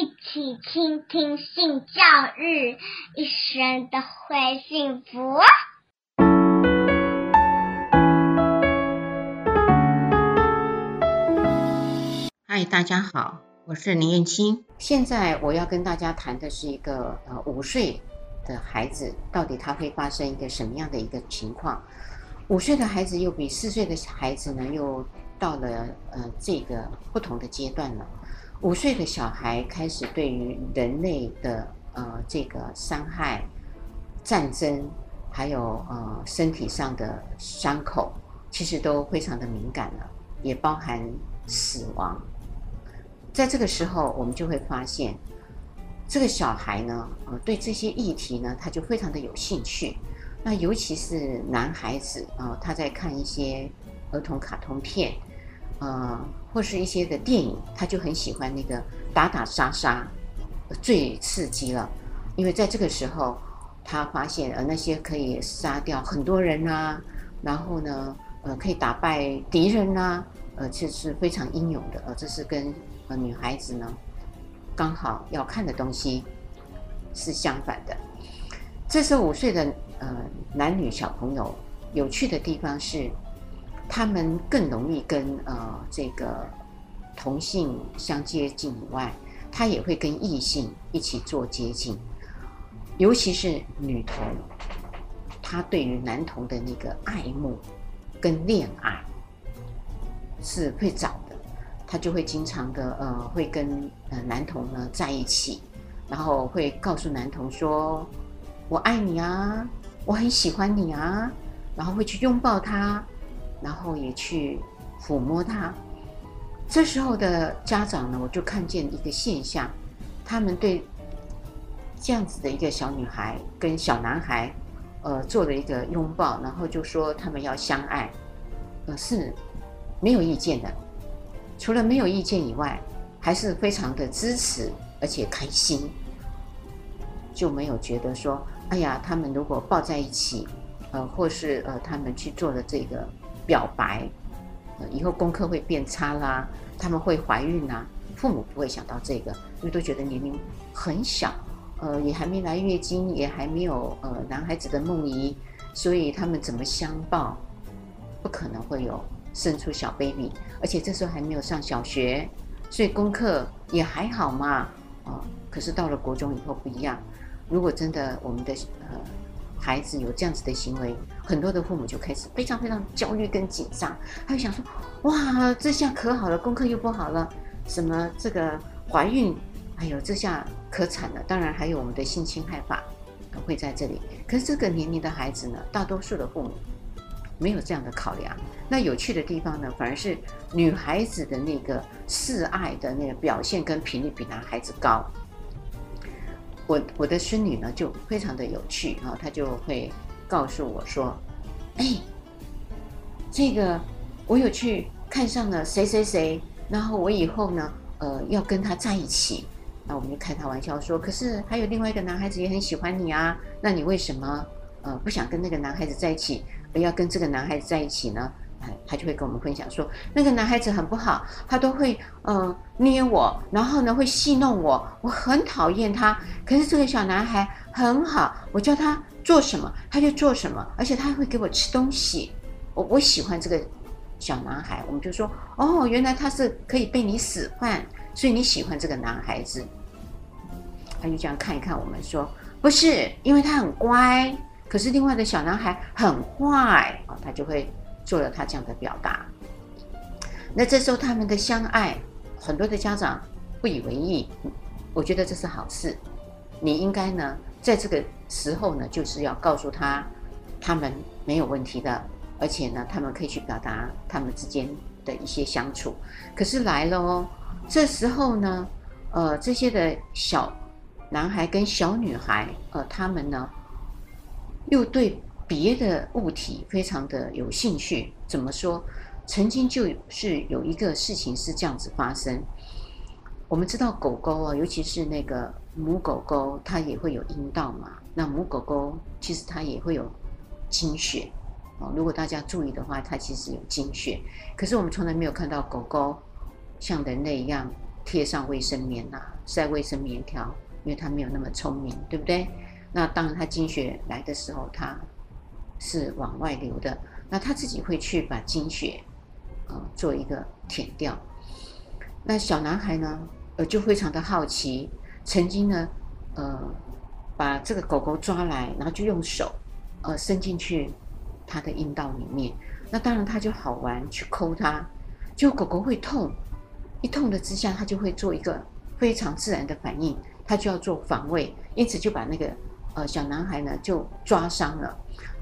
一起傾聽性教育，一生都會幸福。嗨，大家好，我是林燕青。現在我要跟大家談的是一個呃，五歲的孩子到底他會發生一個什麼樣的一個情況？五歲的孩子又比四歲的孩子呢，又到了呃這個不同的階段了。五歲的小孩開始對於人類的呃這個傷害、戰爭，還有呃身體上的傷口，其實都非常的敏感了，也包含死亡。在這個時候，我們就會發現，這個小孩呢，呃，對這些議題呢，他就非常的有興趣。那尤其是男孩子啊，呃，他在看一些兒童卡通片。呃，或是一些的電影，他就很喜歡那個打打殺殺，呃、最刺激了。因為在這個時候，他發現呃那些可以殺掉很多人啊，然後呢，呃可以打敗敵人啊，呃其實是非常英勇的。呃這是跟呃女孩子呢剛好要看的東西是相反的。這四五歲的呃男女小朋友有趣的地方是，他們更容易跟呃這個同性相接近以外，他也會跟異性一起做接近，尤其是女童，她對於男童的那個愛慕跟戀愛是會找的，她就會經常的呃會跟呃男童呢在一起，然後會告訴男童說：“我愛你啊，我很喜歡你啊”，然後會去擁抱他。然後也去撫摸他，這時候的家長呢，我就看見一個現象，他們對這樣子的一個小女孩跟小男孩，呃，做了一個擁抱，然後就說他們要相愛，呃，是沒有意見的，除了沒有意見以外，還是非常的支持，而且開心，就沒有覺得說，哎呀，他們如果抱在一起，呃，或是，呃，他們去做了這個。表白，呃，以後功課會變差啦，他們會懷孕啦，啊，父母不會想到這個，因為都覺得年齡很小，呃，也還沒來月經，也還沒有呃男孩子的夢遺，所以他們怎麼相報，不可能會有生出小 baby，而且這時候還沒有上小學，所以功課也還好嘛，啊，呃，可是到了國中以後不一樣，如果真的我們的呃。孩子有這樣子的行為，很多的父母就開始非常非常焦慮跟緊張，他就想說，哇，這下可好了，功課又不好了，什麼這個懷孕，哎呦，這下可慘了。當然還有我們的性侵害法會在這裡。可是這個年齡的孩子呢，大多數的父母沒有這樣的考量。那有趣的地方呢，反而是女孩子的那個示愛的那個表現跟頻率比男孩子高。我我的孫女呢就非常的有趣啊，然後她就會告訴我說：“哎，這個我有去看上了誰誰誰，然後我以後呢，呃，要跟他在一起。”那我們就開她玩笑說：“可是還有另外一個男孩子也很喜歡你啊，那你為什麼呃不想跟那個男孩子在一起，而要跟這個男孩子在一起呢？”他就會跟我們分享說，那個男孩子很不好，他都會呃捏我，然後呢會戲弄我，我很討厭他。可是這個小男孩很好，我叫他做什麼他就做什麼，而且他還會給我吃東西，我我喜歡這個小男孩。我們就說哦，原來他是可以被你使喚，所以你喜歡這個男孩子。他就這樣看一看我們說，不是因為他很乖，可是另外的小男孩很壞啊，他就會。做了他這樣的表達，那這時候他們的相愛，很多的家長不以為意，我覺得這是好事。你應該呢，在這個時候呢，就是要告訴他，他們沒有問題的，而且呢，他們可以去表達他們之間的一些相處。可是來了哦，這時候呢，呃，這些的小男孩跟小女孩，呃，他們呢，又對。別的物體非常的有興趣，怎麼說？曾經就是有一個事情是這樣子發生。我們知道狗狗啊、哦，尤其是那個母狗狗，它也會有陰道嘛。那母狗狗其實它也會有經血哦。如果大家注意的話，它其實有經血。可是我們從來沒有看到狗狗像人類一樣貼上衛生棉吶、啊，塞衛生棉條，因為它沒有那麼聰明，對不對？那當它經血來的時候，它。是往外流的，那他自己會去把經血，啊、呃，做一個舔掉。那小男孩呢，呃，就非常的好奇，曾經呢，呃，把這個狗狗抓來，然後就用手，呃，伸進去它的陰道裡面。那當然他就好玩去他，去摳它，就狗狗會痛，一痛的之下，它就會做一個非常自然的反應，它就要做防衛，因此就把那個呃小男孩呢就抓傷了。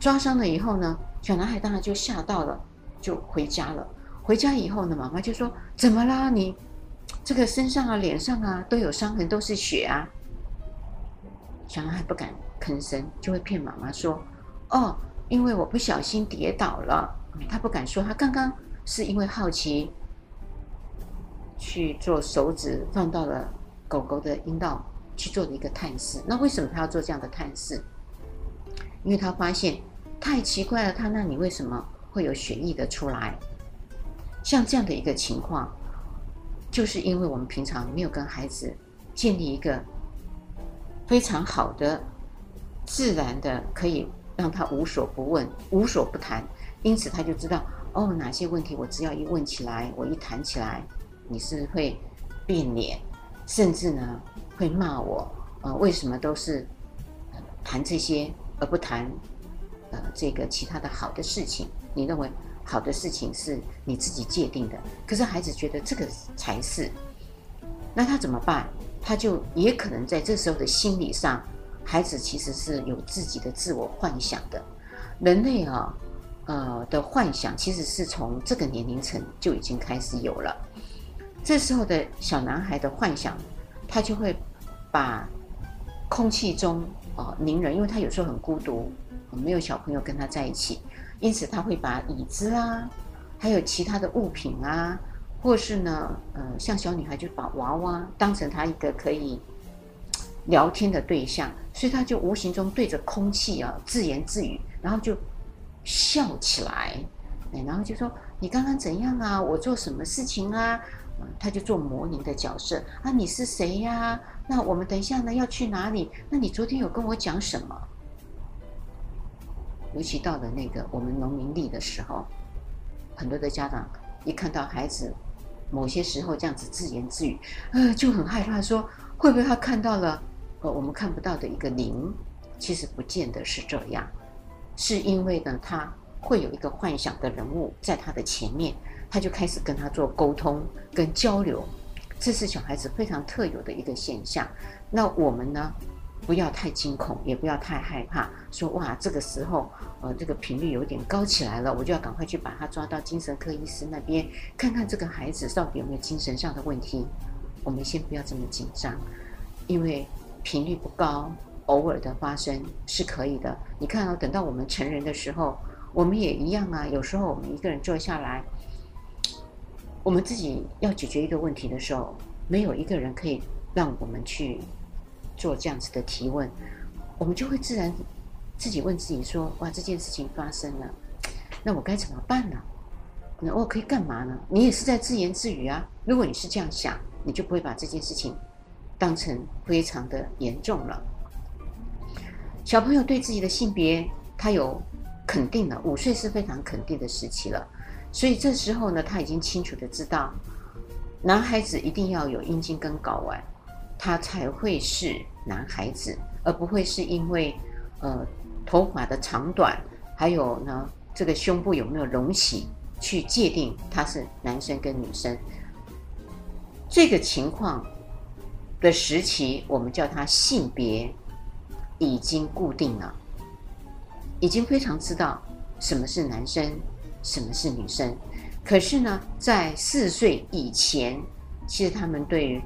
抓傷了以後呢，小男孩當然就嚇到了，就回家了。回家以後呢，媽媽就說：“怎麼啦？你這個身上啊、臉上啊都有傷痕，都是血啊。”小男孩不敢吭聲，就會騙媽媽說：“哦，因為我不小心跌倒了。嗯”他不敢說他剛剛是因為好奇去做手指放到了狗狗的陰道去做的一個探視。那為什麼他要做這樣的探視？因為他發現。太奇怪了，他那你為什麼會有血液的出來？像這樣的一個情況，就是因為我們平常沒有跟孩子建立一個非常好的、自然的，可以讓他無所不問、無所不談，因此他就知道哦，哪些問題我只要一問起來，我一談起來，你是，是會變臉，甚至呢會罵我啊、呃？為什麼都是談這些而不談？這個其他的好的事情，你認為好的事情是你自己界定的，可是孩子覺得這個才是，那他怎麼辦？他就也可能在這時候的心理上，孩子其實是有自己的自我幻想的。人類啊，呃的幻想其實是從這個年齡層就已經開始有了。這時候的小男孩的幻想，他就會把空氣中啊，呃，凝人，因為他有時候很孤獨。沒有小朋友跟他在一起，因此他會把椅子啊，還有其他的物品啊，或是呢，呃，像小女孩就把娃娃當成他一個可以聊天的對象，所以他就無形中對着空氣啊自言自語，然後就笑起來，哎，然後就說你剛剛怎樣啊？我做什麼事情啊？嗯，他就做模擬的角色啊，你是誰呀？啊？那我們等一下呢要去哪裡？那你昨天有跟我講什麼？尤其到了那個我們農民曆的時候，很多的家長一看到孩子某些時候這樣子自言自語，呃，就很害怕，說會不會他看到了呃我們看不到的一個靈？其實不見得是這樣，是因為呢，他會有一個幻想的人物在他的前面，他就開始跟他做溝通跟交流，這是小孩子非常特有的一個現象。那我們呢？不要太驚恐，也不要太害怕。說哇，這個時候，呃，這個頻率有點高起來了，我就要趕快去把他抓到精神科醫師那邊，看看這個孩子到底有沒有精神上的問題。我們先不要這麼緊張，因為頻率不高，偶爾的發生是可以的。你看哦，等到我們成人的時候，我們也一樣啊。有時候我們一個人坐下來，我們自己要解決一個問題的時候，沒有一個人可以讓我們去。做這樣子的提問，我們就會自然自己問自己說：“哇，這件事情發生了，那我該怎麼辦呢？那、哦、我可以幹嘛呢？”你也是在自言自語啊。如果你是這樣想，你就不會把這件事情當成非常的嚴重了。小朋友對自己的性別，他有肯定了，五歲是非常肯定的時期了，所以這時候呢，他已經清楚的知道，男孩子一定要有陰莖跟睾丸他才會是男孩子，而不會是因為，呃，頭髮的長短，還有呢，這個胸部有沒有隆起去界定他是男生跟女生。這個情況的時期，我們叫他性別已經固定了，已經非常知道什麼是男生，什麼是女生。可是呢，在四歲以前，其實他們對於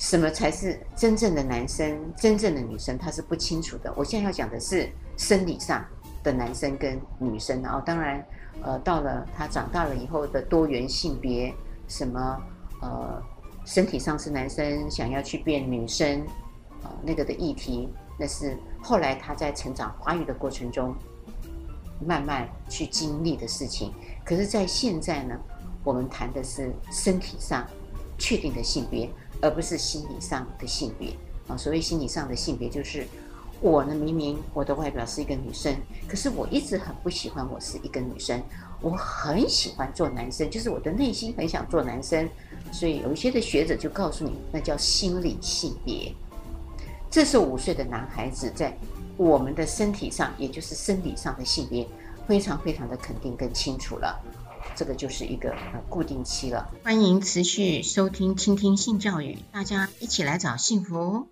什麼才是真正的男生、真正的女生？他是不清楚的。我現在要講的是生理上的男生跟女生啊、哦。當然，呃，到了他長大了以後的多元性別，什麼呃，身體上是男生想要去變女生啊、呃，那個的議題，那是後來他在成長發育的過程中慢慢去經歷的事情。可是，在現在呢，我們談的是身體上確定的性別。而不是心理上的性別啊，所謂心理上的性別就是我呢，明明我的外表是一個女生，可是我一直很不喜歡我是一個女生，我很喜歡做男生，就是我的內心很想做男生，所以有一些的學者就告訴你，那叫心理性別。這是五歲的男孩子在我們的身體上，也就是生理上的性別，非常非常的肯定跟清楚了。這個就是一個呃肯定期了。歡迎持續收聽、傾聽性教育，大家一起來找幸福哦。